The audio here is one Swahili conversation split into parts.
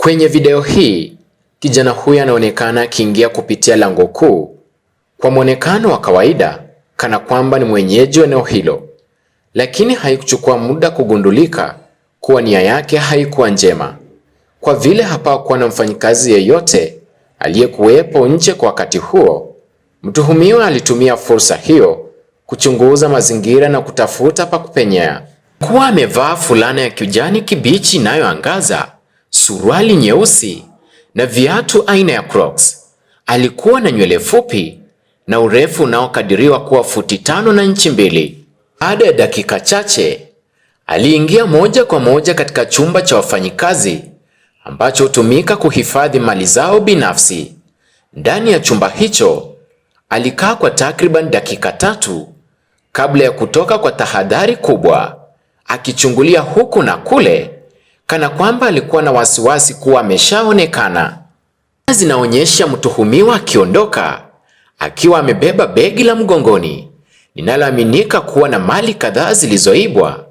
Kwenye video hii kijana huyu anaonekana akiingia kupitia lango kuu kwa mwonekano wa kawaida kana kwamba ni mwenyeji wa eneo hilo, lakini haikuchukua muda kugundulika kuwa nia yake haikuwa njema, kwa vile hapakuwa na mfanyikazi yeyote aliyekuwepo nje kwa wakati huo. Mtuhumiwa alitumia fursa hiyo kuchunguza mazingira na kutafuta pa kupenyea. Kuwa amevaa fulana ya kijani kibichi inayoangaza suruali nyeusi na viatu aina ya Crocs. Alikuwa na nywele fupi na urefu unaokadiriwa kuwa futi tano na inchi mbili. Baada ya dakika chache, aliingia moja kwa moja katika chumba cha wafanyikazi ambacho hutumika kuhifadhi mali zao binafsi. Ndani ya chumba hicho alikaa kwa takriban dakika tatu kabla ya kutoka kwa tahadhari kubwa, akichungulia huku na kule kana kwamba alikuwa na wasiwasi kuwa ameshaonekana. Zinaonyesha mtuhumiwa akiondoka akiwa amebeba begi la mgongoni linaloaminika kuwa na mali kadhaa zilizoibwa.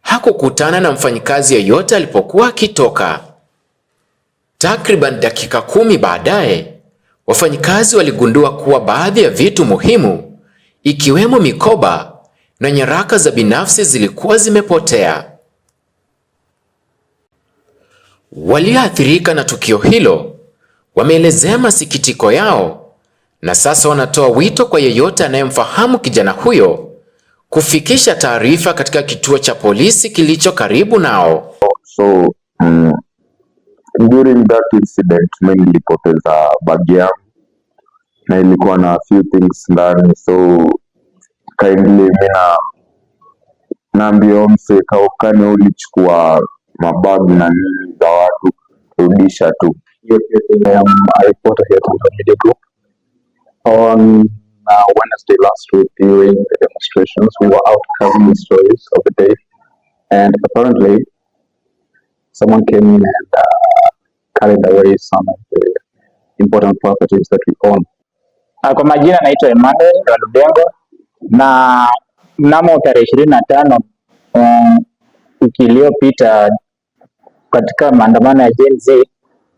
Hakukutana na mfanyikazi yeyote alipokuwa akitoka. Takriban dakika kumi baadaye, wafanyikazi waligundua kuwa baadhi ya vitu muhimu ikiwemo mikoba na nyaraka za binafsi zilikuwa zimepotea. Walioathirika na tukio hilo wameelezea masikitiko yao na sasa wanatoa wito kwa yeyote anayemfahamu kijana huyo kufikisha taarifa katika kituo cha polisi kilicho karibu nao. So, um, during that incident nilipoteza yangu na ilikuwa na few things ndani, so kindly mimi naambia omse kaukane ulichukua mababu na nini za watu, rudisha tu hiyo pia um, ya bought ya Tanzania Media Group on uh, Wednesday last week during the demonstrations we were out covering the stories of the day and apparently someone came in and uh, carried away some of the important properties that we own. Ah, kwa majina naitwa Emmanuel Waludengo na mnamo tarehe ishirini na tano um, wiki iliyopita katika maandamano ya Gen Z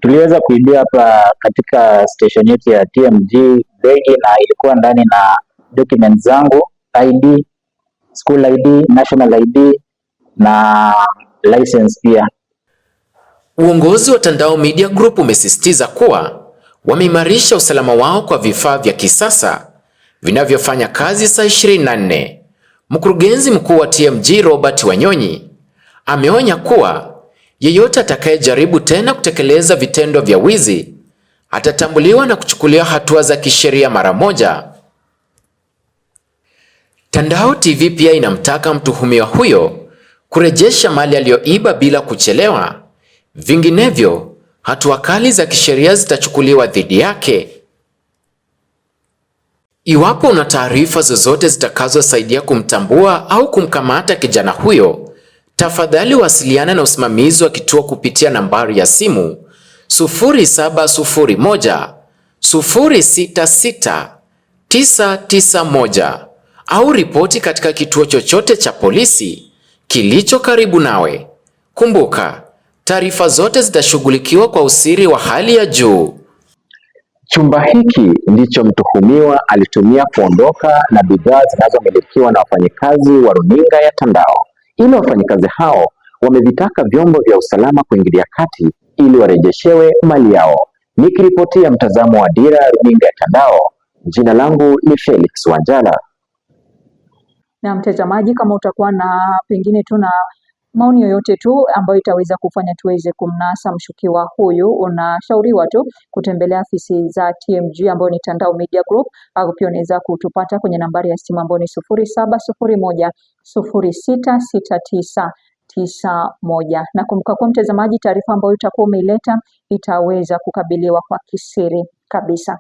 tuliweza kuibia hapa katika station yetu ya TMG begi, na ilikuwa ndani na documents zangu, ID, school ID, national ID na license pia. Uongozi wa Tandao Media Group umesisitiza kuwa wameimarisha usalama wao kwa vifaa vya kisasa vinavyofanya kazi saa 24. Mkurugenzi mkuu wa TMG Robert Wanyonyi ameonya kuwa Yeyote atakayejaribu tena kutekeleza vitendo vya wizi atatambuliwa na kuchukuliwa hatua za kisheria mara moja. Tandao TV pia inamtaka mtuhumiwa huyo kurejesha mali aliyoiba bila kuchelewa, vinginevyo hatua kali za kisheria zitachukuliwa dhidi yake. Iwapo una taarifa zozote zitakazosaidia kumtambua au kumkamata kijana huyo, Tafadhali wasiliana na usimamizi wa kituo kupitia nambari ya simu 0701 066 991 au ripoti katika kituo chochote cha polisi kilicho karibu nawe. Kumbuka, taarifa zote zitashughulikiwa kwa usiri wa hali ya juu. Chumba hiki ndicho mtuhumiwa alitumia kuondoka na bidhaa zinazomilikiwa na wafanyikazi wa runinga ya Tandao ila wafanyakazi hao wamevitaka vyombo vya usalama kuingilia kati ili warejeshewe mali yao. Nikiripotia mtazamo wa Dira ya Runinga ya Tandao, jina langu ni Felix Wanjala. Na mtazamaji, kama utakuwa na pengine tu na maoni yoyote tu ambayo itaweza kufanya tuweze kumnasa mshukiwa huyu, unashauriwa tu kutembelea afisi za TMG ambayo ni Tandao Media Group, au pia unaweza kutupata kwenye nambari ya simu ambayo ni sufuri saba sufuri moja sufuri sita sita tisa tisa moja. Na kumbuka kuwa mtazamaji, taarifa ambayo itakuwa umeileta itaweza kukabiliwa kwa kisiri kabisa.